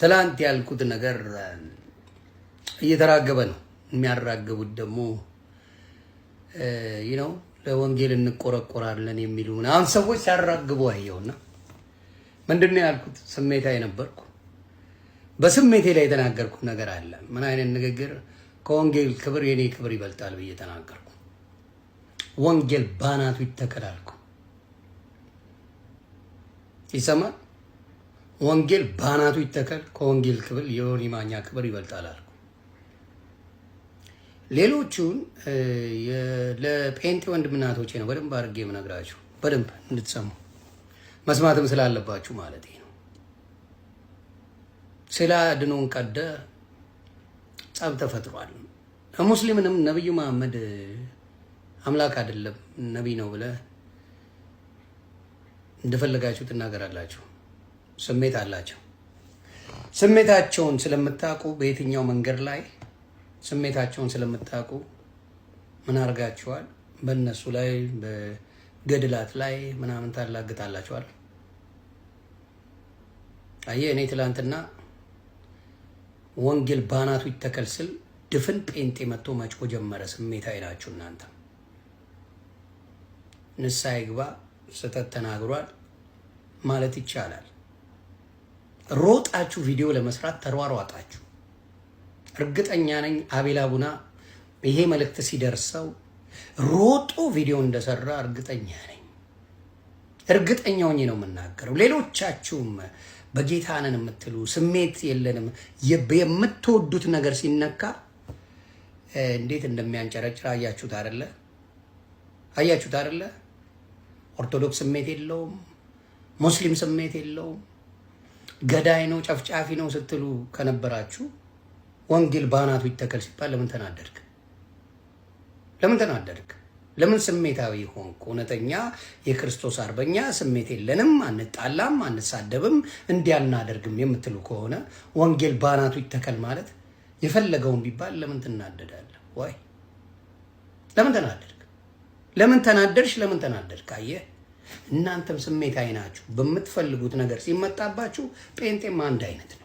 ትላንት ያልኩት ነገር እየተራገበ ነው። የሚያራግቡት ደግሞ ነው ለወንጌል እንቆረቆራለን የሚሉ አሁን ሰዎች ሲያራግቡ አየውና ምንድን ነው ያልኩት? ስሜታዊ ነበርኩ። በስሜቴ ላይ የተናገርኩት ነገር አለ። ምን አይነት ንግግር? ከወንጌል ክብር የኔ ክብር ይበልጣል ብዬ ተናገርኩ። ወንጌል ባናቱ ይተከላልኩ ይሰማል ወንጌል ባናቱ ይተከል፣ ከወንጌል ክብል የዮኒ ማኛ ክብር ይበልጣል አልኩ። ሌሎቹን ለጴንጤ ወንድምናቶቼ ነው በደንብ አድርጌ የምነግራችሁ፣ በደንብ እንድትሰሙ መስማትም ስላለባችሁ ማለት ነው። ስለ አድኖን ቀደ ጸብ ተፈጥሯል። ሙስሊምንም ነቢዩ መሐመድ አምላክ አይደለም ነቢይ ነው ብለ እንደፈለጋችሁ ትናገራላችሁ። ስሜት አላቸው። ስሜታቸውን ስለምታውቁ በየትኛው መንገድ ላይ ስሜታቸውን ስለምታውቁ ምን አድርጋችኋል? በእነሱ ላይ በገድላት ላይ ምናምን ታላግጣላችኋል። አየህ እኔ ትላንትና ወንጌል ባናቱ ይተከል ስል ድፍን ጴንጤ መጥቶ መጭቆ ጀመረ። ስሜት አይላችሁ እናንተ ንስሐ ይግባ ስህተት ተናግሯል ማለት ይቻላል። ሮጣችሁ ቪዲዮ ለመስራት ተሯሯጣችሁ። እርግጠኛ ነኝ አቤላ ቡና ይሄ መልእክት ሲደርሰው ሮጦ ቪዲዮ እንደሰራ እርግጠኛ ነኝ። እርግጠኛ ሆኜ ነው የምናገረው። ሌሎቻችሁም በጌታ ነን የምትሉ ስሜት የለንም የምትወዱት ነገር ሲነካ እንዴት እንደሚያንጨረጭር አያችሁት አይደለ? አያችሁት አይደለ? ኦርቶዶክስ ስሜት የለውም፣ ሙስሊም ስሜት የለውም ገዳይ ነው ጨፍጫፊ ነው ስትሉ ከነበራችሁ ወንጌል በአናቱ ይተከል ሲባል ለምን ተናደድክ? ለምን ተናደድክ? ለምን ስሜታዊ ሆንክ? እውነተኛ የክርስቶስ አርበኛ ስሜት የለንም፣ አንጣላም፣ አንሳደብም፣ እንዲህ አናደርግም የምትሉ ከሆነ ወንጌል በአናቱ ይተከል ማለት የፈለገውን ቢባል ለምን ትናደዳለህ? ወይ ለምን ተናደድክ? ለምን ተናደድሽ? ለምን ተናደድክ? አየህ እናንተም ስሜታዊ ናችሁ። በምትፈልጉት ነገር ሲመጣባችሁ ጴንጤም አንድ አይነት ነው።